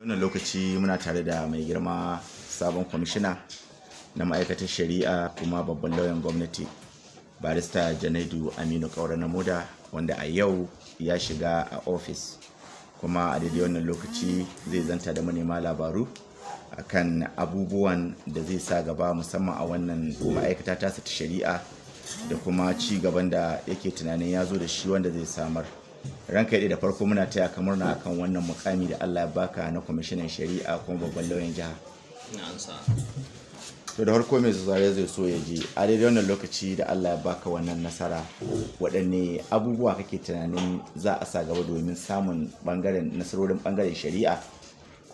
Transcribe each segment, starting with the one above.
wannan lokaci muna tare da mai girma sabon kwamishina na ma'aikatar shari'a kuma babban lauyan gwamnati barista janaidu aminu kaura na muda wanda a yau ya shiga a ofis kuma a daidai wannan lokaci zai zanta da manema labaru akan abubuwan da zai sa gaba musamman a wannan ma'aikata tasa ta shari'a da kuma ci gaban da yake tunanin ya zo da shi wanda zai samar ranka da farko muna taya kamar murna akan wannan mukami da Allah ya baka na kwamishinan shari'a kuma babban lauyan jiha to da harko mai zare zai so ya je, a daidai wannan lokaci da Allah ya baka wannan nasara waɗanne abubuwa kake tunanin za a sa gaba domin samun bangaren nasarorin bangaren shari'a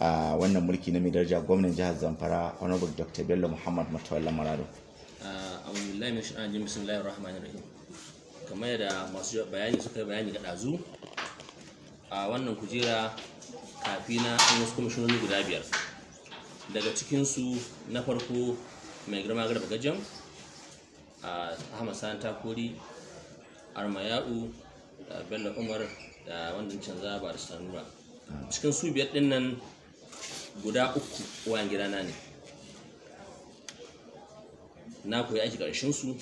a wannan mulki na mai daraja gwamnan jihar Zamfara Honorable Dr. Bello Muhammad Matawalla Marado. A'udhu ah, lai Bismillahir rahmanir rahim. kamar yadda masu bayani suka yi bayani ga ɗazu a wannan kujera kafi na an wasu kwamishinoni guda biyar daga cikinsu na farko mai girma garba gajan ahmad sani takori armayau bello umar da wanda canza ba da sanura cikin su biyar ɗin nan guda uku wayan na ne na koyi aiki su,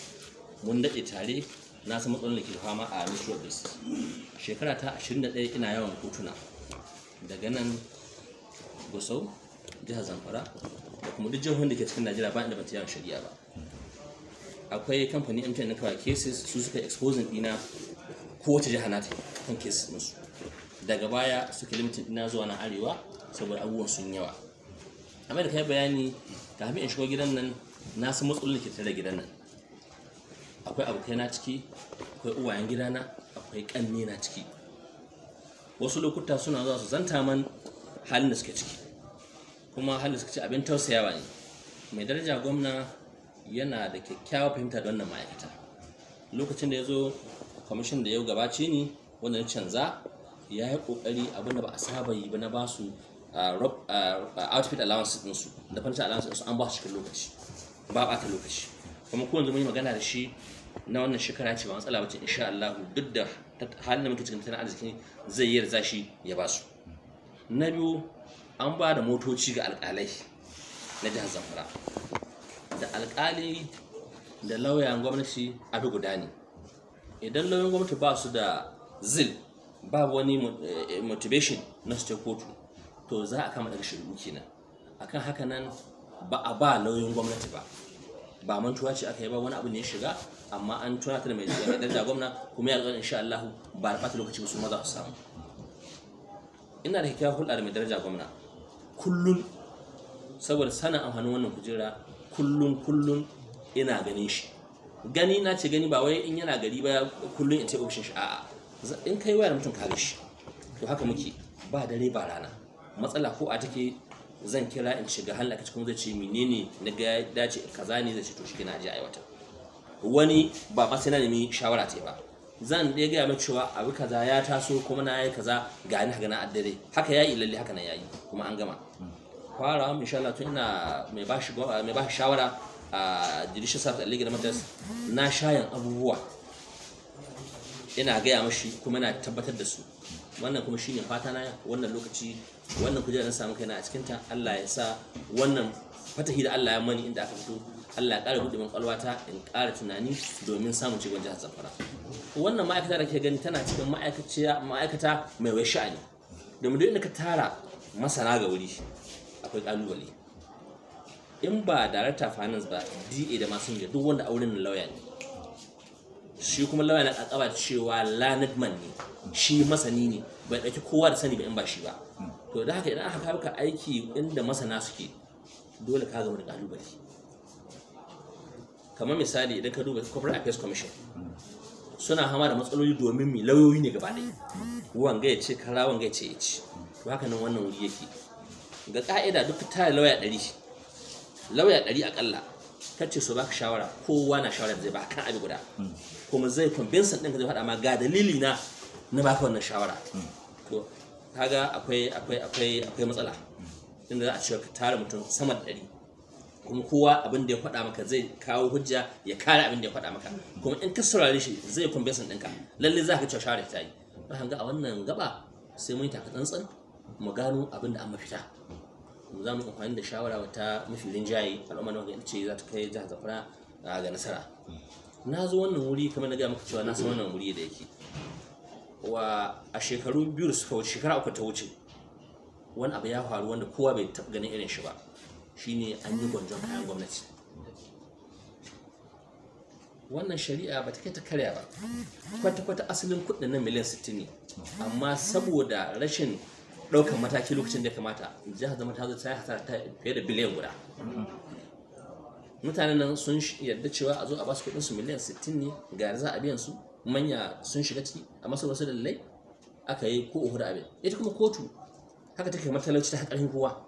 mun daɗe tare na san matsalolin da ke fama a Mr. Obis shekara ta 21 ina yawan kotuna daga nan Gusau jihar Zamfara da kuma duk jihohin da ke cikin Najeriya ba inda ba ta yawan shari'a ba akwai kamfani MTN na kawai cases su suka exposing dina kowace jiha na ta kan cases musu daga baya suka limitin dina zuwa na arewa saboda abubuwan sun yawa amma da kai bayani kafin in shigo gidan nan na san matsalolin da ke tare da gidan nan akwai abokai na ciki akwai uwayen gidana akwai kanne na ciki wasu lokuta suna zuwa su zanta man halin da suke ciki kuma halin da suke ci abin tausayawa ne mai daraja gwamna yana da kyakkyawar fahimta da wannan ma'aikata lokacin da ya zo kwamishin da ya gabace ni wanda ya canza ya yi kokari abin da ba a saba yi ba na ba su outfit allowance ɗinsu da fanta allowance ɗinsu an ba su cikin lokaci ba ɓata lokaci kuma ko yanzu mun yi magana da shi na wannan shekara ce ba matsala bace insha Allah duk da halin da muke cikin arziki zai yi yarda shi ya ba su na biyu an ba da motoci ga alƙalai na jihar Zamfara da alƙali da lauyan gwamnati a duk guda ne idan lauyan gwamnati ba su da zil ba wani eh, eh, motivation na su kotu to za a kama daga shirgu kenan akan haka nan ba a ba lauyan gwamnati ba ba mantuwa ce aka yi ba wani abu ne ya shiga amma an tuna ta da mai daraja gwamna kuma ya alƙar insha Allah ba a fata lokaci su maza su samu ina da kyakkyawar hulɗa da mai daraja gwamna kullum saboda sana amfanin wannan kujera kullum kullum ina ganin shi gani na ce gani ba wai in yana gari ba kullum in ce ofishin shi a'a in kai wayar mutum kare shi to haka muke ba dare ba rana matsala ko a take zan kira in shiga halaka cikin zai ce menene na ga dace kaza ne zai ce to shike na ji aiwatar wani ba ba sai na nemi shawara ce ba zan dai ga mai cewa abu kaza ya taso kuma na yi kaza ga ni haka na addare haka yayi lalle haka na yayi kuma an gama fara insha Allah tun ina mai ba shi mai ba shawara a Delicious Art League na Matas na shayan abubuwa ina gaya mashi kuma na tabbatar da su wannan kuma shine fata na wannan lokaci wannan kujera na samu kaina a cikin ta Allah ya sa wannan fatahi da Allah ya mani inda aka fito Allah ya kara buɗe kwalwata in kara tunani domin samun cikin jihar Zamfara wannan ma'aikata da ke gani tana cikin ma'aikata mai wai sha'ani domin duk inda ka tara masana ga wuri akwai kalubale in ba darata finance ba DA da masu duk wanda auren lauya ne shi kuma lauya na ƙaƙaba cewa lanadman ne shi masani ne bai ɗauki kowa da sani ba in ba shi ba to da haka idan aka kawo ka aiki inda masana suke dole ka ga wani kalubale kamar misali idan ka duba corporate affairs commission suna hama da matsaloli domin mi lauyoyi ne gaba ɗaya wanga ya ce kara wanga ya ce ya ci to haka nan wannan wuri yake ga ka'ida duk ta lauya ɗari lauya ɗari akalla ce su baka shawara kowa na shawara da zai ba kan abi guda kuma zai convince ɗin ka zai faɗa ma ga dalili na na baka wannan shawara mm. to kaga akwai akwai akwai akwai matsala mm. inda za a cewa ka tara mutum sama da ɗari kuma kowa abin da ya faɗa maka zai kawo hujja ya kare abin da ya faɗa maka mm. kuma in ka saurare shi zai san ɗinka lalle za ka cewa shawara ta yi hanga a wannan gaba sai mun yi taka tsantsan mu gano abin da an mafita za mu amfani da shawara wata mafi rinjaye al'umma na ce za ta kai jihar zafara ah, ga nasara na zo wannan wuri kamar na gaya maka cewa na san wannan wuri da yake wa a shekaru biyu da suka wuce shekara uku ta wuce wani abu ya faru wanda kowa bai taɓa ganin irin shi ba shine an yi gwanjon kayan gwamnati wannan shari'a ba ta kai ta karya ba kwata-kwata asalin kudin na miliyan sittin ne amma saboda rashin ɗaukan mataki lokacin da kamata jihar zama ta zai ta fiye da biliyan guda mutanen nan sun yarda cewa a zo a basu kudin su miliyan 60 ne ga za a biyan su manya sun shiga ciki a masu wasu dalilai aka yi ko uhu abin ita kuma kotu haka take matalauci ta haƙarin kowa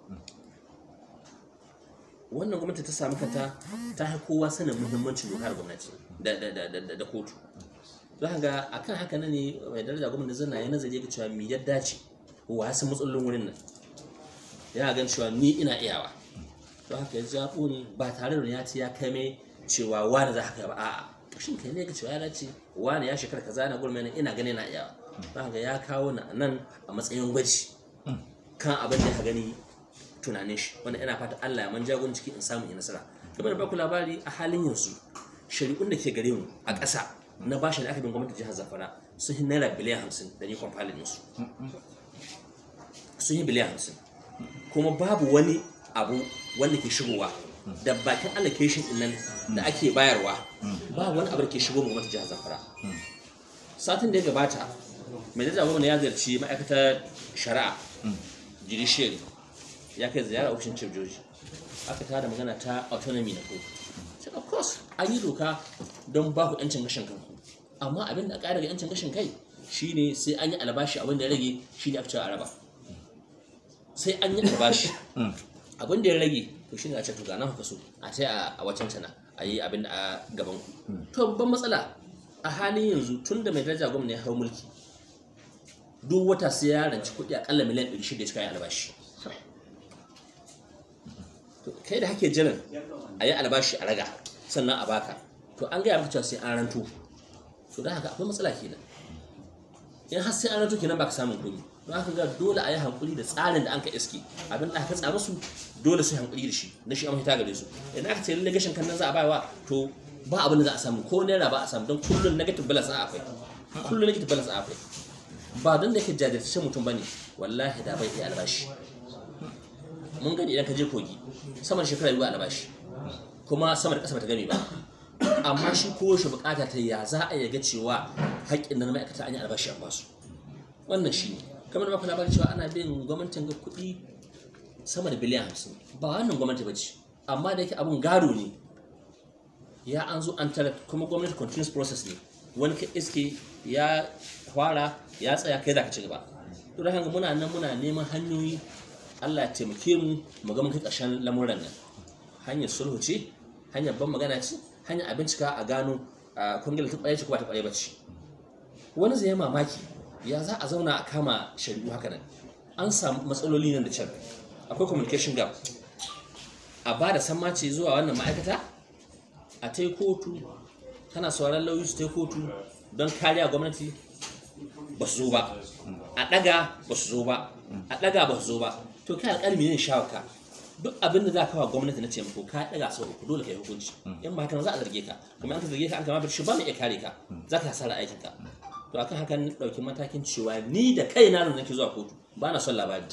wannan gwamnati ta samu kanta ta haƙa kowa sanin muhimmancin dokar gwamnati da kotu don ga a kan haka ne mai daraja gwamnati zana ya nazari ga cewa mi yadda ce wa san matsalolin wurin nan ya gan cewa ni ina iyawa don haka ya zaɓo ne ba tare da ya ci ya kai mai cewa wani za ka ba a'a to shin kai ne ka cewa ya ce wani ya shekara kaza na gurmai ina gani na iyawa ba ga ya kawo na nan a matsayin gwaji hmm. kan abin da ya gani tunanin shi wanda ina fata Allah ya man jagon ciki in samu yi nasara kuma da baku labari a halin yanzu shari'un da ke gare mu a ƙasa na bashi da aka bin gwamnati jihar Zamfara sun yi naira biliyan hamsin da ni kwamfalin musu hmm, hmm. sun yi biliyan hamsin kuma babu wani abu wanda ke shigowa da bakin allocation din nan da ake bayarwa ba wani abu da ke shigo mu jihar Zamfara satin da ya gabata mai da gwamnati ya ziyarci ma'aikatar shari'a judiciary ya kai ziyara ofishin chief aka tada magana ta autonomy na ko sai of course an yi doka don ba ku yancin gashin kanku amma abin da ƙara daga yancin gashin kai shine sai an yi albashi abin da ya rage shine aka cewa araba sai an yi albashi mm. abin da ya rage to shine a ce to ga haka so a ce a wacan sana a yi abin da a gaban ku hmm. to babban matsala a halin yanzu tun da mai daraja gwamna ya hau mulki duk wata sai ya ranci kuɗi akalla miliyan ɗari shida suka yi albashi kai da hake jiran a yi albashi a raga sannan a baka to an gaya maka sai an ranto to da haka akwai matsala kenan in har sai an ranto kenan baka samun kuɗi don haka ga dole a yi hankuli da tsarin da an ka iske abin da aka tsara su dole su hankuli da shi na shi amfita gare su idan aka tsaye lalle kan nan za a bayawa to ba abin da za a samu ko naira ba a samu don kullum negative balance a akwai kullum negative balance a akwai ba don da yake jajirce mutum bane wallahi da bai iya albashi mun gani idan ka je kogi saman shekara yi albashi kuma saman ƙasa bata gami ba amma shi ko shi bukata ta ya za a yaga cewa haƙƙin na ma'aikata an yi albashi an basu wannan shi ne kamar ba ku labarin cewa ana bin gwamnatin ga kuɗi sama da biliyan hamsin ba wannan gwamnati ba ce amma da yake abin gado ne ya an zo an tarar kuma gwamnati continuous process ne wani ka iske ya fara ya tsaya kai za ka ci gaba to da muna nan muna neman hanyoyi Allah ya taimake mu mu ga mun kai ƙarshen lamuran nan hanyar sulhu ce hanyar ban magana ce hanyar abincika a gano kungiyar ta kwaye ce ko ba ta kwaye ba ce wani zai yi mamaki ya za a zauna a kama shari'u haka nan an samu matsaloli nan da can akwai communication gap a ba da mace zuwa wannan ma'aikata a ta kotu tana sauran lauyi su ta kotu don kariya gwamnati ba su zo ba a ɗaga ba su zo ba a ɗaga ba su zo ba to kai alƙalmi ne shawaka duk abin da za ka wa gwamnati na taimako ka ɗaga sau uku dole ka yi hukunci in ba haka za a zarge ka kuma an ka zarge ka an kama shi ba mai iya kare ka za ka hasara aikinka to akan haka na dauki matakin cewa ni da kai na nake zuwa kotu ba na son labari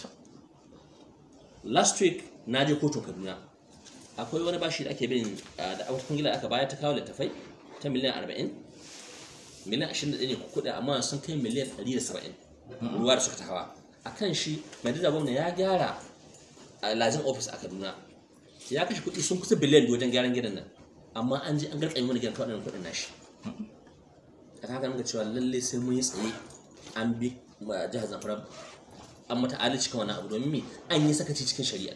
last week na je kotun kaduna akwai wani bashi da ake bin da auta kungila aka bayar ta kawo littafai ta miliyan 40 miliyan 21 ne kuɗi amma sun kai miliyan 170 ruwa da suka ta hawa a kan shi mai dada gwamna ya gyara lazin ofis a kaduna ya kashe kuɗi sun kusa biliyan wajen gyaran gidan nan amma an je an garkami wani gidan kawaɗin kuɗin nashi a ta haka cewa lalle sai mun yi tsaye an bi jihar zamfara an mata adalci kan wani abu domin me an yi sakaci cikin shari'a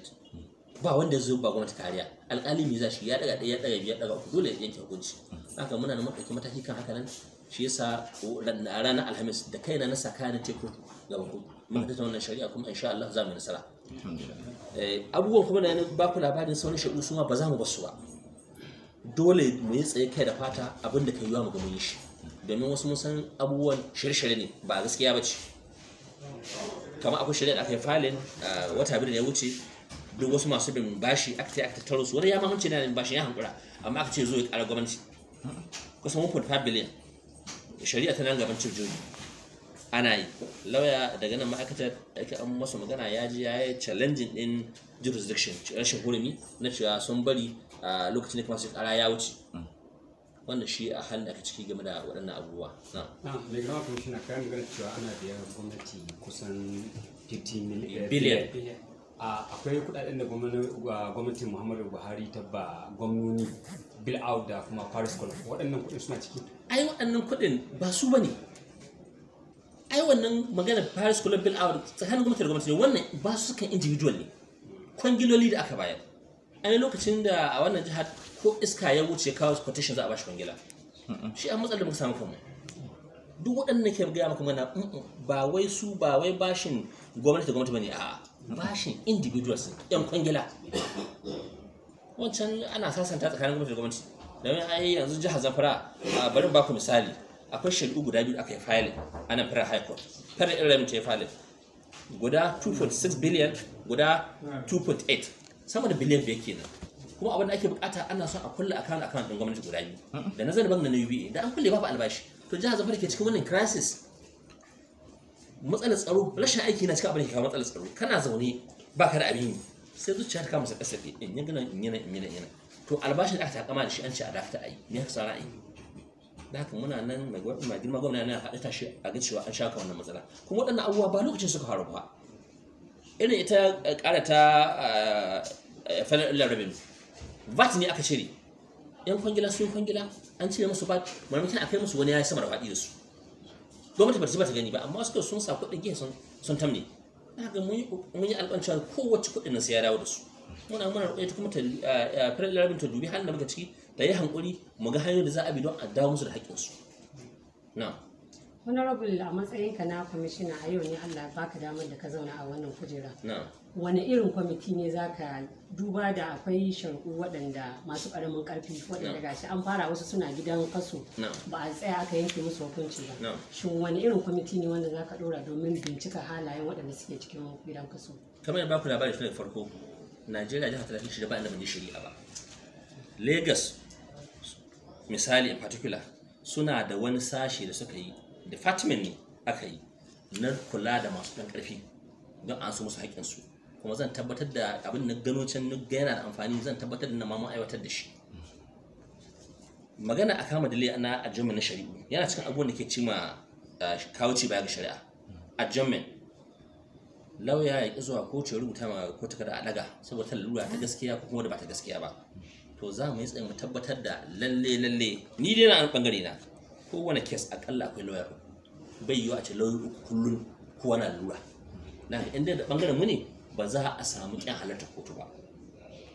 ba wanda zo ba gwamnati kariya alƙali me za shi ya daga ɗaya daga ya daga dole ya yanke hukunci haka muna da mataki mataki kan haka nan shi yasa ranar alhamis da kaina na saka na teku gaban ku mun ta wannan shari'a kuma insha Allah za mu yi nasara eh, abubuwan kuma na ba ku labarin sauran shaidu su ma ba za mu ba su ba dole mu yi tsaye kai da fata abinda kai yiwa mu ga mun yi shi domin wasu mun san abubuwan shirye-shirye ne ba gaskiya ba ce kamar akwai shirye da aka yi falin wata biyu da ya wuce duk wasu masu bin bashi aka ta aka tattaro su wani ya mamance na bashi ya hankura amma aka ce zo ya ƙara gwamnati kusan 1.5 biliyan shari'a ta nan gaban cirjoji ana yi lauya daga nan ma'aikatar ake an masa magana ya ji ya yi challenging din jurisdiction rashin hurumi na cewa sun bari a lokacin da kuma su kara ya wuce wannan shi a hannun aka ciki game da waɗannan abubuwa na mai gama commissioner kayan magana cewa ana biyan gwamnati kusan 50 eh, biliyan akwai kudaden da gwamnatin muhammadu buhari ta ba gwamnoni bill out da kuma paris kwallon waɗannan kudin suna ciki ai waɗannan kudin ba su ne ai wannan magana paris kwallon bill out tsakanin gwamnati da gwamnati ne wannan ba su kan individual ne kwangiloli da aka bayar a lokacin da a wannan jihar ko iska ya wuce kawo quotation za a bashi kwangila shi a matsalar muka samu kanmu duk waɗannan ke gaya maka mana mm, mm, ba wai su ba wai bashin gwamnati da gwamnati bane a bashin individuals yan kwangila wancan ana sasanta tsakanin gwamnati da gwamnati domin ai yanzu jihar zamfara a barin baku misali akwai shari'u guda biyu aka yi filing a nan fara high court fara irin ta yi filing guda 2.6 billion guda 2.8 sama da biliyan biyar kenan kuma abin da ake bukata ana son a kulle akan akan don gwamnati guda biyu da na zan bank da na UBA da an kulle babu albashi to jihar Zamfara ke cikin wannan crisis matsalar tsaro rashin aiki na cikin abin da ke kawo matsalar tsaro kana zaune ba ka da abin yi sai zuciya ta kama sa da in yi gina in yi in yi na in to albashin da aka takama da shi an ce a dafta a yi me aka sara a yi da haka muna nan mai girma gwamna na haɗe tashi a ga cewa an shaka wannan matsala kuma waɗannan abubuwa ba lokacin suka faru ba irin ita ƙara ta eh, eh, federal revenue vat ne aka cire yan kwangila sun kwangila an cire musu vat a akai musu wani ya yi sama da faɗi da su gwamnati ba ta ba ta gani ba amma suka sun sa kuɗin giya sun tamne haka mun yi alƙancin kowace kuɗin nan sai ya dawo da su muna muna roƙe ta kuma ta eh, eh, fara larabin ta dubi halin da muka ciki da ya hankuri mu ga hanyar da za a bi don a dawo musu da haƙƙinsu na'am honorable a matsayinka na kwamishina a yau ne allah baka damar da ka zauna a wannan kujera wani irin kwamiti ne za ka duba da akwai shari'u waɗanda masu ƙaramin ƙarfi waɗanda gashi an fara wasu suna gidan kaso ba a tsaya aka yanke musu hukunci ba shin wani irin kwamiti ne wanda za ka ɗora domin bincika halayen waɗanda suke cikin gidan kaso kamar yadda baku labari tun da farko najeriya jihar talatin shida ba inda ban yi shari'a ba lagos misali in particular suna da wani sashe da suka yi department ne aka yi na kula da masu ɗan ƙarfi don an su musu haƙƙinsu kuma zan tabbatar da abin na gano can na yana da amfani zan tabbatar da na mamun aiwatar da shi magana a kama dalili na adjournment na shari'u yana cikin abubuwan da ke ci ma kawuci baya ga shari'a adjournment lauya ya ƙi zuwa ko ya rubuta ma ko takarda a daga saboda ta lura ta gaskiya ko kuma da ba ta gaskiya ba to za mu yi tsayin mu tabbatar da lalle lalle ni dai na bangare na kowane kes akalla akwai lawyer uku bai yiwu a ce lawyer uku kullum kowa na lura na inda da bangaren mu ne ba za a samu kyan halarta kotu ba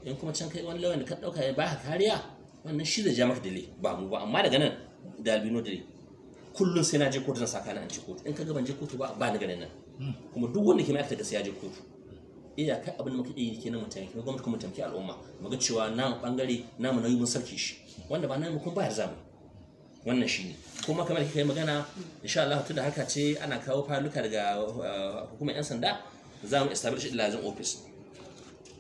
in kuma can kai wani lawyer da ka dauka ya baka kariya wannan shi da jamar dale ba mu ba amma daga nan da albino dale kullum sai na je kotu na saka na an ci kotu in ka ban je kotu ba ba daga ganin nan kuma duk wanda ke ma'aikata gaskiya je kotu iya kai abin da yi ke kenan mutane kuma gwamnati kuma mutumki al'umma muga cewa na bangare namu nauyi mun sarki shi wanda ba mu kuma ba ya zamu wannan ne kuma kamar kai magana insha Allah tunda haka ce ana kawo faluka daga eh, hukumar yan sanda za mu establish lazim office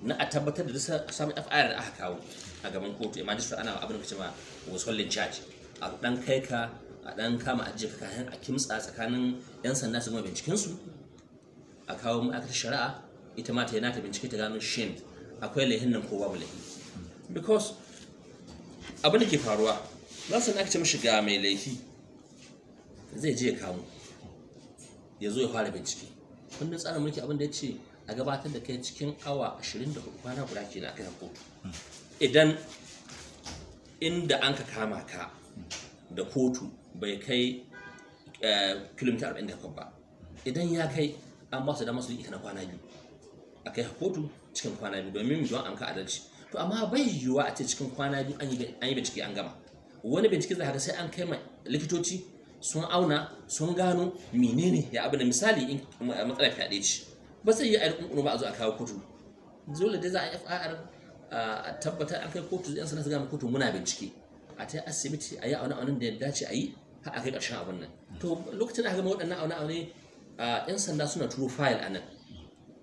na a tabbatar da samun FIR da aka kawo a gaban kotu magistrate ana abin da cewa was charge a dan kai ka a dan kama a jefa kayan a kimtsa tsakanin yan sanda su gama binciken su a kawo ma'aikatar shari'a ita ma ta yi nata bincike ta gano shin akwai laihin nan ko babu laihi because abin da ke faruwa za su na ce mashi ga mai laifi zai je ya kamo ya zo ya fara bincike kundin tsarin mulki abin da ya ce a gabatar da kai cikin awa 24 kwana guda ke na kayan kotu idan inda an ka kama ka da kotu bai kai eh, kilomita 48 ba idan ya kai an ba su dama su ita na kwana biyu a kai kotu cikin kwana biyu domin don an ka adalci to amma bai yiwuwa a ce cikin kwana biyu an yi bincike an gama wani bincike za ka sai an kai ma likitoci sun auna sun gano menene ya abin da misali in matsalar fyaɗe ce ba sai yi a yi ba a zo a kawo kotu dole dai za a FIR a tabbatar an kai kotu yan sanar su gama kotu muna bincike a ta asibiti a yi auna aunin da ya dace a yi har a kai ƙarshen abin nan to lokacin da aka gama waɗannan auna aune yan sanda suna turo fayil a nan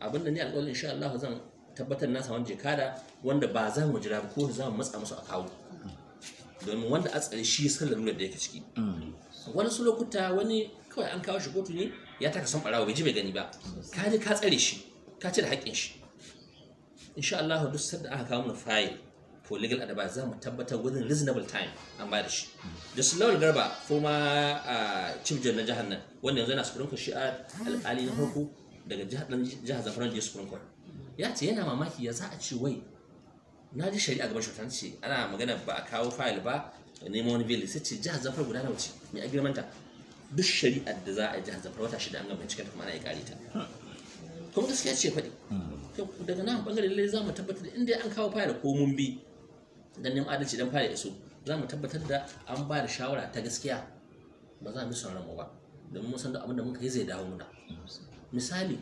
abin da ni alƙawarin insha Allah zan tabbatar na samu jikada wanda ba za mu jira ba ko za mu matsa musu a kawo domin wanda a tsare shi sun lalura da yake ciki mm. wani su lokuta wani kawai an kawo shi kotu ne ya taka son barawa bai ji bai gani ba ka ji ka tsare shi ka ci da haƙƙin shi insha Allah duk sanda aka kawo mana fayil for legal advice za mu tabbatar within reasonable time an ba da shi da su garba former ah, chief judge na jihar nan wanda yanzu yana supreme court shi a alƙali na farko daga jihar zamfara jihar supreme court ya ce yana mamaki ya za a ce wai na ji shari'a gaban shugaban ce ana magana ba a kawo fayil ba nemo wani bil sai ce jihar zafar guda nawa ce mai a girmanta duk shari'ar da za a yi jihar zafar wata shida an ga cikin kuma ana yi kare ta kuma gaskiya ce faɗi daga nan bangare lalle za mu tabbatar da inda an kawo fayil ko mun bi dan neman adalci dan fayil iso za mu tabbatar da an ba da shawara ta gaskiya ba za mu son ramu ba domin mun san da abin da mun kai zai dawo muna misali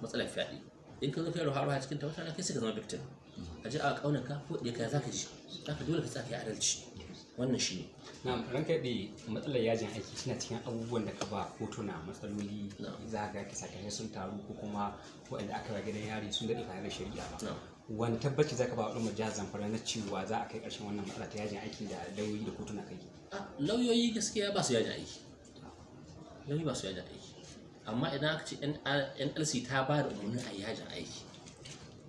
matsalar fyaɗe in ka zo kai ruwa-ruwa cikin ta wata na kai suka zama victim a ji a kaunaka ko da ka za ka ji za ka dole ka tsaka adalci wannan shi ne na ranka da matsalar yajin aiki suna cikin abubuwan da ka ba hotuna matsaloli za ga ka sakamakon sun taru ko kuma waɗanda aka ba gidan yari sun daɗe tare da shari'a ba wani tabbaci za ka ba al'ummar jihar zamfara na cewa za a kai ƙarshen wannan matsala ta yajin aiki da lauyoyi da kotuna kai lauyoyi gaskiya ba su yajin aiki lauyoyi ba su yajin aiki amma idan aka ce nlc ta ba da umarni a yajin aiki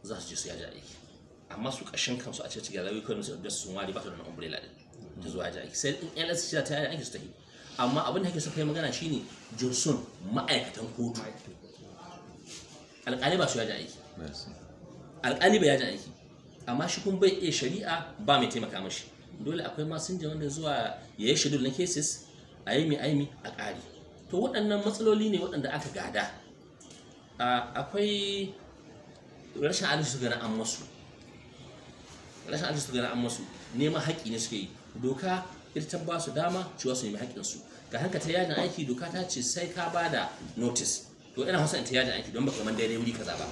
za su je su yajin aiki amma su kashin kansu a cikin rayuwar kawai musu da sun ware ba su da umbrella din ta zuwa jaki sai in LS shi ta yana ake su yi amma abin da ake so kai magana shine Johnson ma'aikatan kotu alƙali ba su yaji aiki alƙali ba yaji aiki amma shi kun bai iya shari'a ba mai taimaka mashi dole akwai masinja wanda zuwa ya yi shidul na cases a yi mai aimi a ƙari to waɗannan matsaloli ne waɗanda aka gada ah, akwai rashin adalci su gana an masu rashin arzikin su an masu neman haƙƙi ne suke yi doka ita ba su dama cewa su nemi haƙƙin su ga hanka ta yajin aiki doka ta ce sai ka ba da notis to ina hausa ta yajin aiki don baka man daidai wuri kaza ba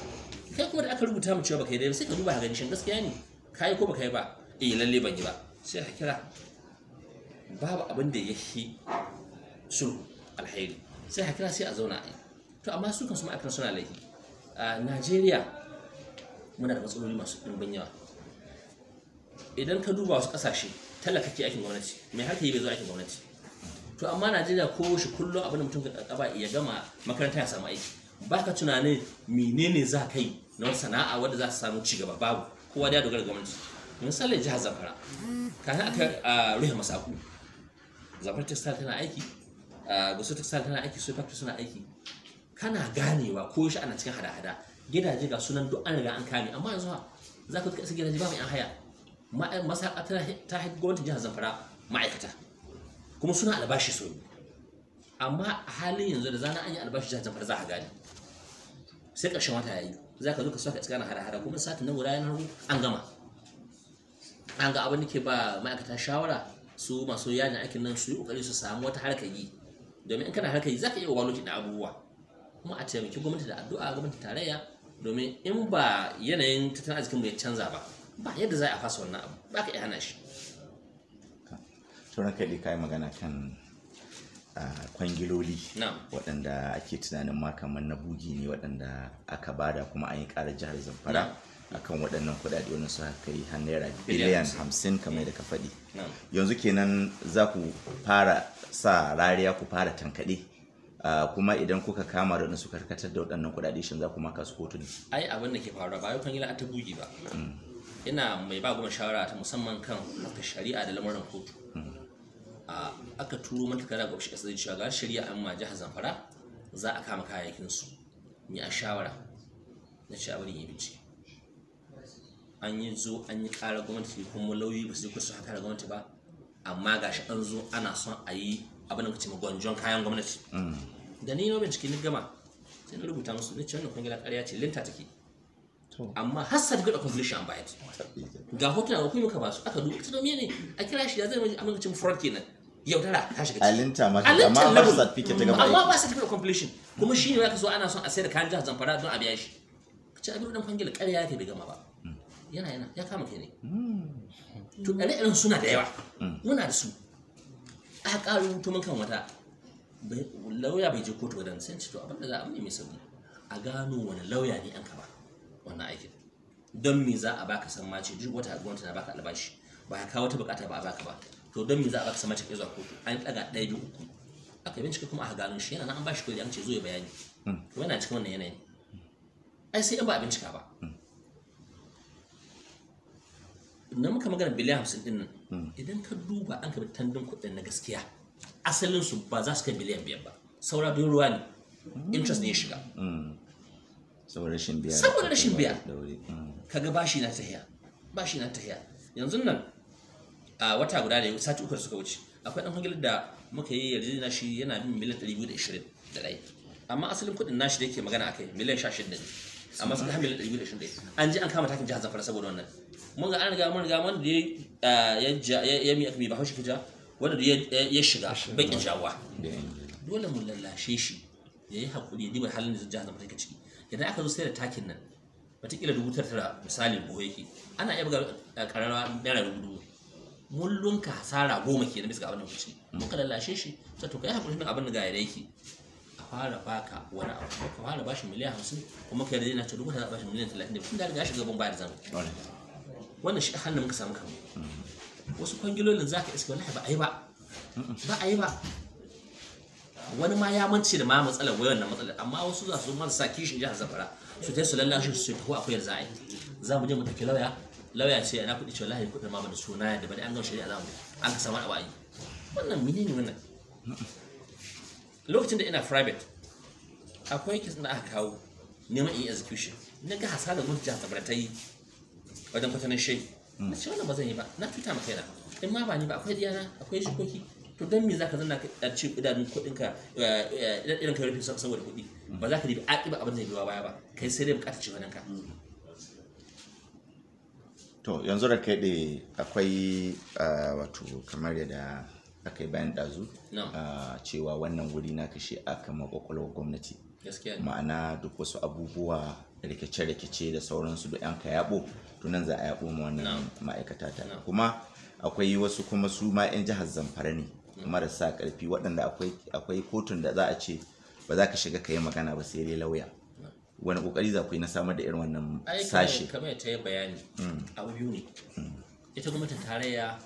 kai kuma da aka rubuta mu cewa baka yi daidai sai ka duba ga shin gaskiya ne kai ko baka yi ba eh lalle ban yi ba sai ka kira babu abin da yahi sulhu alheri sai ka kira sai a zauna a to amma su kan su ma'aikatan suna laifi a Najeriya muna da matsaloli masu ɗimbin yawa idan ka duba wasu kasashe talaka ke aikin gwamnati mai haka yi bai zo aikin gwamnati to amma najeriya ko shi kullum abin da mutum ka kaba ya gama makaranta ya samu aiki baka tunanin menene za ka yi na sana'a wadda za su samu cigaba babu kowa da ya dogara gwamnati Misali jihar zamfara kafin aka rufe masaku zamfara textile tana aiki gusu textile tana aiki soy factory suna aiki kana ganewa ko shi ana cikin hada-hada gidaje ga sunan duk an riga an kame amma yanzu za ka kasa gidaje ba mai an haya masaka ta haifi gwamnatin jihar zamfara ma'aikata kuma suna albashi so amma a halin yanzu da zana an yi albashi jihar zamfara za a gane sai ƙarshen wata yayi za ka zo ka saka iska na hara-hara kuma sati na guda yanar an gama an ga abin da ke ba ma'aikata shawara su masu yajin aikin nan su yi ƙoƙari su samu wata harkar yi domin in kana harkar yi za ka iya waloki da abubuwa kuma a taimaki gwamnati da addu'a gwamnati tarayya domin in ba yanayin tattalin mu ya canza ba ba yadda za a fasa wannan abu ba ka iya hana shi turan ka yi magana kan kwangiloli waɗanda ake tunanin ma na bugi ne waɗanda aka bada kuma an yi ƙara jihar zamfara akan waɗannan kuɗaɗe su haka yi har naira biliyan hamsin kamar da ka faɗi yanzu kenan za ku fara sa rariya ku fara tankaɗe kuma idan kuka kama da su karkatar da waɗannan kuɗaɗe shin za ku maka su kotu ne ai abin da ke faruwa ba yau kan yi ta bugi ba mm. Yana mai ba goma shawara ta musamman kan haka shari'a da lamarin kotu hmm. a ah, aka turo mata kara ga shi cewa ga shari'a an ma jihar zamfara za a kama kayayyakin su ni a shawara na ci ya yi an yi zo an yi kara gwamnati kuma lauyi ba su kusa haka gwamnati ba amma gashi an zo ana son a yi abin da kace magwanjon kayan gwamnati hmm. da ni yau bincike ni gama sai na rubuta musu ni ce wannan kungiyar ƙarya ce linta take amma har certificate of completion an bayar ga hotuna ga kuma ka ba su aka duba ta domin ne a kira shi da zai mai amincin fraud kenan tara ta shiga ciki alinta ma amma ba certificate ga amma ba certificate of completion kuma shi ne zaka so ana son a sayar da kayan jihar Zamfara don a biya shi kace abin dan kwangila ƙarya yake bai gama ba hmm. yana yana ya kama kai ne hmm. to ɗan suna da yawa hmm. muna da su a ƙarin mutumin kan wata lauya bai je kotu wadansu sai ce to abin da za a mai sauki a gano wani lauya ne an kama wannan aikin don me za a baka sammaci duk wata haɗuwar na baka albashi ba ka kawo ta bukata ba a baka ba to don me za a baka sammaci kai zuwa kotu an ɗaga ɗaya biyu uku a kai bincika kuma a garin shi yana nan an bashi kuɗi an ce zo ya bayani hmm. to yana cikin wannan yanayin ai sai in ba a bincika ba hmm. na muka magana biliyan hamsin din nan hmm. idan ka duba an bi tandun kuɗin na gaskiya asalinsu ba za su kai biliyan biyar ba saura biyu ruwa ne interest ne ya shiga saboda rashin biya ka rashin mm. bashi na tahiya bashi na tahiya yanzu nan a wata guda da sati uku suka wuce akwai dan hangilar da muka yi na shi yana bin miliyan 220 da rai amma asalin kudin nashi da yake magana akai miliyan 16 ne amma sun hamil da an ji an kama takin jihar zamfara saboda wannan mun ga an riga mun riga wanda ya ya mi akami ba haushi fita wanda ya shiga bakin jawa dole mun lallashe shi ya yi hakuri ya diba halin da jihar zamfara ka ciki idan aka zo sai da takin nan watakila dubu tara tara misali buhu yake ana iya buga karara naira dubu dubu mun lunka hasara goma ke na bisa abin da kuce ka lallashe shi sai to kai hakuri nan abin da gaya da yake a fara baka wani abu ka fara bashi miliyan hamsin kuma ka yarda yana ce dubu tara bashi miliyan talatin da tun da riga shiga ban bayar zan wannan shi hannun muka samu kamar wasu kwangilolin za ka iska wani ba a yi ba ba a yi ba wani ma ya mance da ma matsalar wayar na matsalar amma wasu za su sa kishin jihar zamfara su ta su lallashi su tafi akwai yanzu ai za mu je mu tafi lauya lauya ce ana kuɗi cewa lahi kuɗin mamadu suna yadda bari an gama shari'a za mu an ka samu abayi wannan menene wannan lokacin da ina private akwai kisan da aka kawo neman in execution na ga da gwamnati jihar zamfara ta yi wajen kwatanin shai na ce wannan ba zan yi ba na tuta ma kai na in ma ba ni ba akwai diyana akwai shikoki to dan me zaka zanna ka ci idanun kuɗin ka eh, eh, idan ka rufe saboda kuɗi ba za ka dibi aƙiba abin ya biwa baya ba kai sai dai bukatar ci ka to yanzu da kai dai akwai eh, wato kamar yadda aka yi bayan ɗazu cewa wannan wuri na kashe aka makwakwalwar gwamnati ma'ana duk wasu abubuwa rikice-rikice da sauransu da yanka yabo tunan za a yabo ma wannan ma'aikata ta kuma akwai wasu kuma su 'yan jihar zamfara ne marasa karfi waɗanda akwai kotun da za a ce ba za ka shiga ka yi magana ba sai dai lauya wani kokari za ku yi na samar da irin wannan sashe kamar ta yi bayani mm. abu biyu ne mm. ita gwamnatin tarayya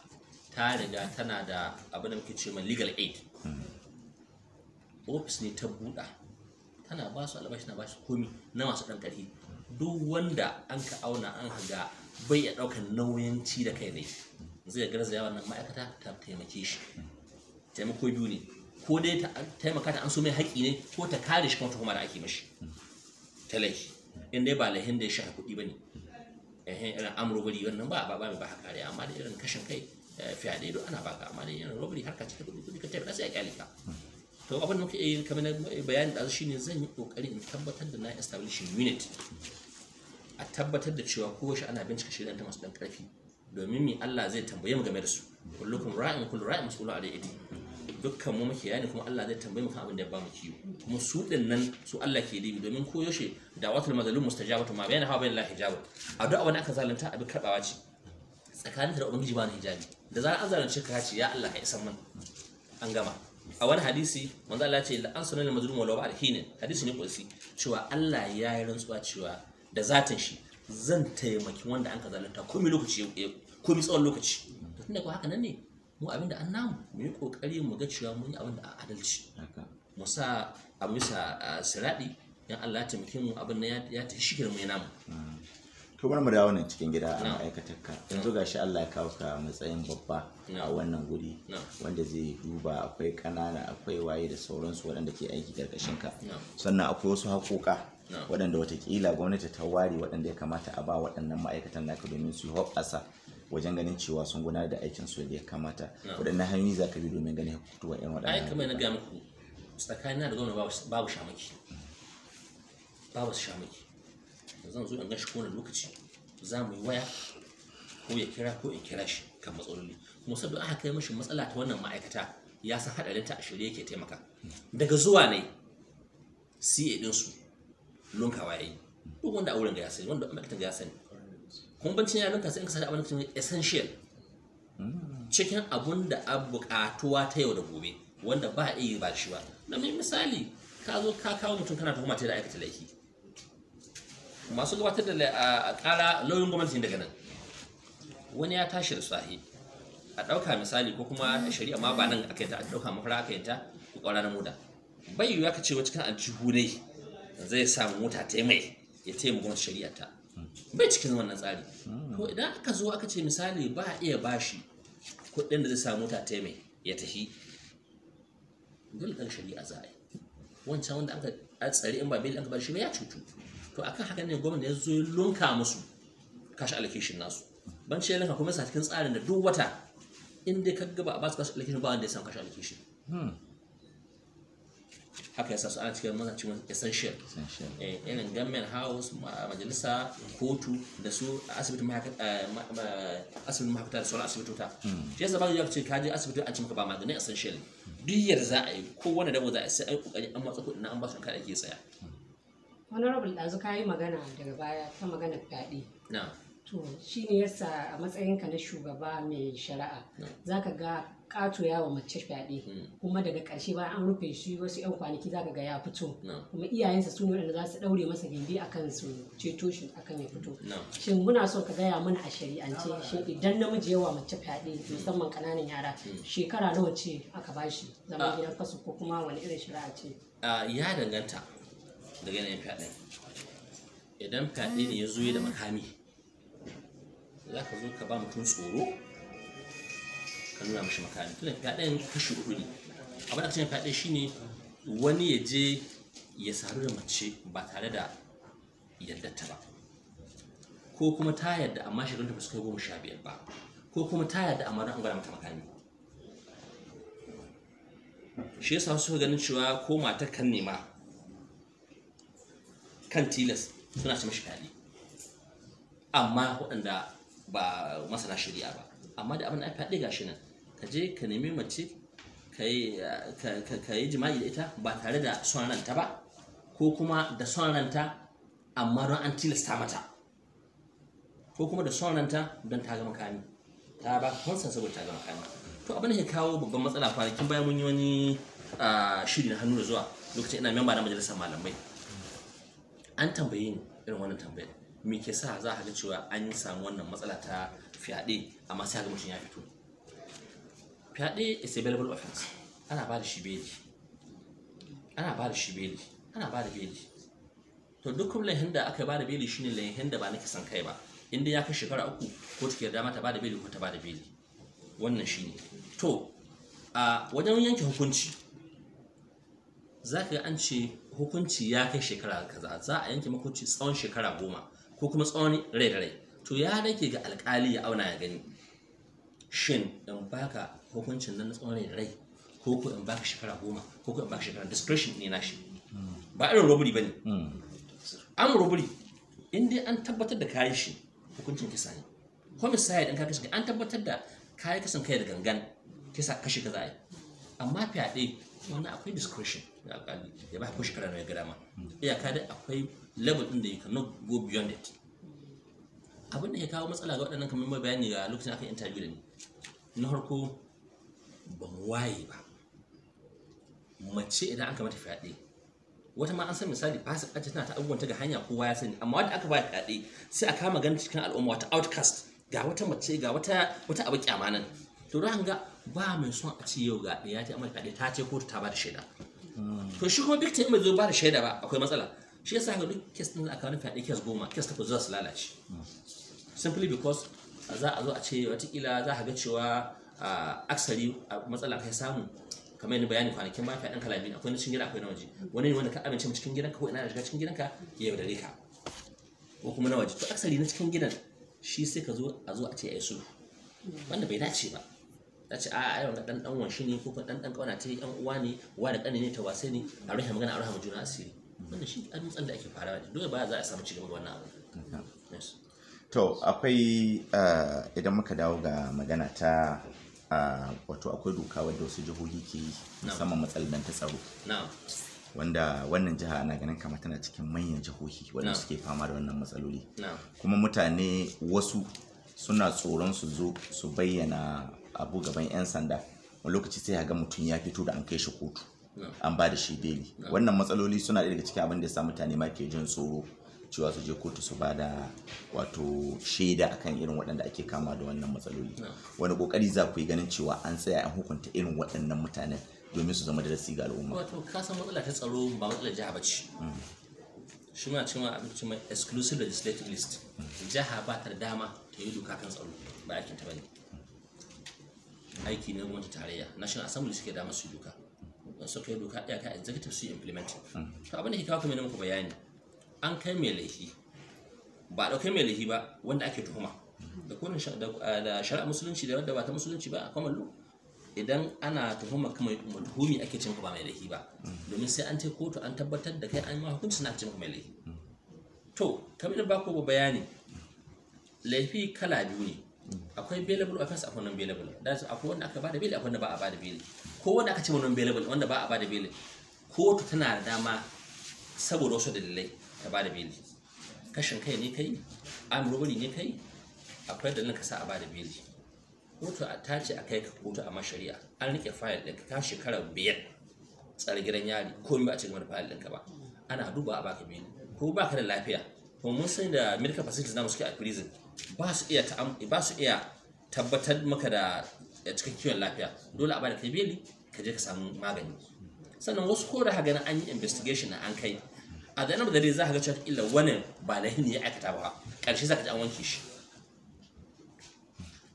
ta riga tana da abin da muke ce ma legal aid mm. ofis ne ta buɗa tana ba su albashi na ba su komi na masu ɗan ƙarfi duk wanda an ka auna an haga bai ya ɗaukar nauyin ci da kai ne zai garza wannan ma'aikata ta taimake shi taimako biyu ne ko dai ta taimaka ta an so mai haƙi ne ko ta kare shi kuma tuhuma da ake mashi ta laifi in dai ba lahin da ya shafa kuɗi ba ne irin amur bari wannan ba ba ba ba haka dai amma da irin kashin kai eh, fiye da ana baka amma da irin robbery harka ce ta kuɗi kuɗi ka taimaka sai a kyale ka to abin da muke yi kamar na bayanin da shine zan yi kokari in tabbatar da na establishing unit a tabbatar da cewa kowace ana bincika shirin ta masu ɗan ƙarfi domin mi Allah zai tambaye mu game da su kullukum ra'in kullu ra'in a da'idi dukkan mu muke ne kuma Allah zai tambaye mu kan abin da ya ba mu kiwo kuma su din nan su Allah ke dibi domin ko yaushe da'watul mazalum mustajabatu ma bayna hawa bayna la hijab abin wani aka zalunta abin karbawa ce tsakanin da ubangiji ba na hijabi da zarar an zalunce ka ce ya Allah kai isan mun an gama a wani hadisi manzo Allah ce la ansuna lil mazlum walaw al hinin hadisi ne kulsi cewa Allah ya yi rantsuwa cewa da zatin shi zan taimaki wanda an ka zalunta komai lokaci komai tsawon lokaci tunda ko haka nan ne mu abinda da an namu mu yi kokari mu ga cewa mun yi abin da a adalci mu sa a bisa siraɗi yan Allah ta muke mu abin da ya ta shigar mu namu mm. to bari mu dawo nan cikin gida a ma'aikatar ka yanzu gashi Allah ya kawo ka matsayin babba a wannan guri wanda zai duba akwai ƙanana akwai waye da sauransu waɗanda ke aiki karkashin ka sannan akwai wasu haƙoƙa waɗanda watakila gwamnati ta ware waɗanda ya kamata a ba waɗannan ma'aikatan naka domin su hoɓasa wajen ganin cewa sun gudanar da aikin su da ya kamata waɗannan hanyoyi za ka bi domin ganin hukutuwa yan waɗannan ai kamar na ga muku tsakanin da gwamna babu shamaki babu shamaki zan zo in ga shi kowane lokaci za mu yi waya ko ya kira ko in kira shi kan matsaloli kuma da aka kai mashi matsala ta wannan ma'aikata ya san haɗarin ta a shirye yake taimaka daga zuwa ne CA ɗinsu lunkawa ya yi duk wanda a wurin ga ya sani wanda ma'aikatan ga ya sani kuma bancin ya sai in kasar abin da essential cikin abun da a buƙatuwa ta yau da gobe wanda ba a iya ba shi ba na mai misali ka zo ka kawo mutum kana tuhuma ta da aikata laifi masu gabatar da ƙara lauyin gwamnati daga nan wani ya tashi da sahi a ɗauka misali ko kuma a shari'a ma ba nan aka yanta a ɗauka mafara aka yanta ko ƙwara na muda bai yiwuwa ka ce wa cikin aljihu ne zai samu mota ta mai ya taimaka gwamnati shari'a ta bai cikin wannan tsari to hmm. idan aka zo aka ce misali ba a iya bashi kuɗin da zai samu ta taimai ya tafi dole shari'a za a yi wancan wanda aka tsari in ba bai aka bar shi ba ya cutu to akan haka ne gwamnati ya zo lunka musu kashi allocation nasu ban ce lunka kuma sa cikin tsarin da duk wata in dai ka gaba a ba su kashi allocation ba wanda ya samu kashi allocation hmm. haka yasa su ana cikin muna cikin essential eh, irin government house majalisa kotu da su asibitin mahaifata eh, da sauran asibitota hmm. shi yasa ba ya ce ka je asibiti a cimaka ba maganin essential duk za a yi ko wani damo za a sai an kokari an matsa kuɗi na an ba su kan ake tsaya hmm. honorable ɗazu ka yi magana daga baya ta magana fyaɗe to shi ne yasa a matsayinka na shugaba mai shari'a za ka ga kato wa mace fyaɗe hmm. kuma daga ƙarshe bayan an rufe shi wasu 'yan kwanaki zaka ga ya fito kuma iyayensa su ne waɗanda za su ɗaure masa gindi akan su ceto shi akan ya fito shin muna so ka gaya mana a shari'ance shi idan namiji yawa mace fyaɗe musamman ƙananan yara hmm. shekara nawa ce aka bashi zama ah. gidan fasu ko kuma wani irin shari'a ce ah, ya danganta daga yanayin fyaɗe idan fyaɗe ne ya zo da makami za ka zo ka ba mutum tsoro ka nuna mashi makami tunda fyaɗen kashi uku ne abin da aka ce shi shine wani ya je ya saru da mace ba tare da yadda ta ba ko kuma ta yadda amma shi ba fuskai goma sha biyar ba ko kuma ta yadda amma don an gwada mata makami shi yasa suka ganin cewa ko mata kan nema kan tilas suna ci mashi fyaɗe amma waɗanda ba masana shari'a ba amma da abin da aka faɗi gashi nan ka je ka nemi mace ka yi jima'i da ita ba tare da son ranta ba ko kuma da son ranta amma don an tilasta mata ko kuma da son ranta don ta ga makami ta ba kwansan saboda ta ga makami to abin da ke kawo babban matsala kwanakin bayan mun yi wani shiri na hannu da zuwa lokacin ina memba na majalisar malamai an tambaye ni irin wannan tambayar me ke sa za a ga cewa an samu wannan matsala ta fyaɗe amma sai ga mutum ya fito fyaɗe is a available offense ana ba da shi beli ana ba da shi beli ana ba da beli to dukkan lahin da aka ba da beli shine lahin da ba na kisan kai ba inda ya kai shekara uku ko take yarda mata ba da beli ko ta ba da beli wannan shine to a wajen yanke hukunci za ga an ce hukunci ya kai shekara kaza za a yanke hukunci tsawon shekara goma ko kuma tsawon rai da rai to ya rage ga alkali ya auna ya gani shin in baka hukuncin nan na tsawon da rai ko ku in baka shekara goma ko ku in baka shekara discretion ne nashi ba irin robbery bane an robbery in dai an tabbatar da kayi shi hukuncin kisa ne homicide in ka kashe an tabbatar da kayi kasan kai da gangan kisa kashe ka za amma fyaɗe wannan akwai discretion da alƙali ya ba ku shekara na gada ma iyaka dai akwai level din da you cannot go beyond it abin da ya kawo matsala ga waɗannan kamar mai bayani ga lokacin aka interview da ni na harko. ba mu waye ba mace idan an kamata fyaɗe wata ma an san misali fasik an tana ta abubuwan ta ga hanya kowa ya sani amma wanda aka ba fyaɗe sai a kama ganin cikin al'umma wata outcast ga wata mace ga wata wata abu kyamanan to don ga ba mai son a ce yau ga ɗaya ta amma ta ce kotu ta ba da shaida to shi kuma yi mai zo ba da shaida ba akwai matsala shi yasa ga duk kes ɗin da aka wani fyaɗe kes goma kes tafi za su lalace simply because za a zo a ce watakila za a ga cewa aksari matsala kai samu kamar yadda bayani kwanakin ba ka ɗan kalabi akwai na cikin gida akwai na waje wani ne wanda ka amince mu cikin gidanka ko ina da shiga cikin gidanka ya yi yaudare ka ko kuma na waje to aksari na cikin gidan shi sai ka zo a zo a ce ai sulhu wanda bai dace ba ta ce a yau wannan ɗan dan shi ne ko dan ɗan ƙauna ta ɗan uwa ne uwa da kanin ne ta wase ne a rufe magana a rufe juna asiri wannan shi an tsan da ake fara waje dole ba za a samu cigaba gaba wannan abu mm-hmm. to akwai eh, idan muka dawo ga magana ta wato akwai doka wadda wasu jihohi ke yi musamman matsalar ta tsaro wanda wannan jiha ana ganin kama tana cikin manyan jihohi wanda suke fama da wannan matsaloli kuma mutane wasu suna tsoron su zo su bayyana abu gaban 'yan sanda wani lokaci sai ga mutum ya fito da an kai shi kotu an ba da shi beli wannan matsaloli suna daga cikin abin da ya sa mutane ma ke jin tsoro cewa su je kotu su bada wato shaida akan irin waɗanda ake kama da wannan matsaloli wani kokari za ku yi ganin cewa an tsaya an hukunta irin waɗannan mutanen domin su zama darasi ga al'umma wato ka san matsala ta tsaro ba matsalar jiha ba ce mm. shi ma cewa abinci mai exclusive legislative list mm. jiha ba ta dama ta yi doka kan tsaro ba aikin ta bane mm. aiki ne gwamnati tarayya national assembly suke dama su yi doka don su kai doka ɗaya ka executive su implement to abin da ke kawo ne muku bayani an kai mai laifi ba a ɗaukai mai laifi ba wanda ake tuhuma da kunin da shari'a musulunci da wadda ba ta musulunci ba a common law idan ana tuhuma kuma tuhumi ake cin ba mai laifi ba domin sai an ce kotu an tabbatar da kai an yi mahukunci na cin mai laifi to kamar da ba ku bayani laifi kala biyu ne akwai bailable offense akwai non bailable da su akwai wanda aka bada bail akwai wanda ba a bada bail ko wanda aka ce non bailable wanda ba a bada bail kotu tana da dama saboda wasu dalilai ka da beli kashin kai ne kai am robbery ne kai akwai nan ka sa a da beli kotu a tace a kai ka kotu a mashari'a an rike fayil ɗin ka shekara biyar tsare gidan yari ko ba a cikin wani fayil ɗin ka ba ana duba a baka beli ko ba ka da lafiya kuma mun san da medical facilities namu suke a prison ba su iya tabbatar maka da kiwon lafiya dole a ba da kai beli ka je ka samu magani sannan wasu ko da haganan an yi investigation na an kai a da da dare za ka ga cewa illa wani ba lahin ne ya aikata ba karshe za ka ji an wanke shi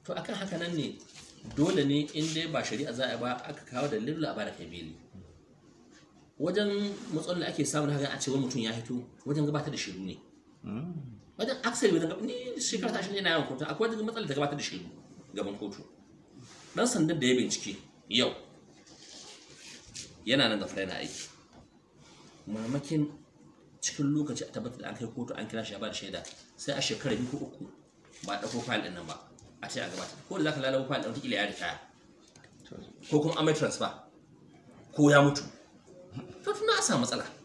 to akan haka nan ne dole ne in dai ba shari'a za a ba aka kawo da lullu a bada kabili wajen matsalar da ake samun hakan a cewar mutum ya hito wajen gabatar da shiru ne wajen aksari wajen gabatar ni shekara ta ashirin yana yawan kotu akwai wajen matsalar da gabatar da shiru gaban kotu dan sandan da ya bincike yau yana nan da fara yana aiki mamakin cikin lokaci a tabbatar da an kai kotu an kira shi a ba da shaida sai a shekara biyu ko uku ba a ɗauko fayil ɗin nan ba a ce a gabata ko da za ka lalabo fayil ɗin wataƙila ya ya ko kuma amai transfer ko ya mutu to tuna a samu matsala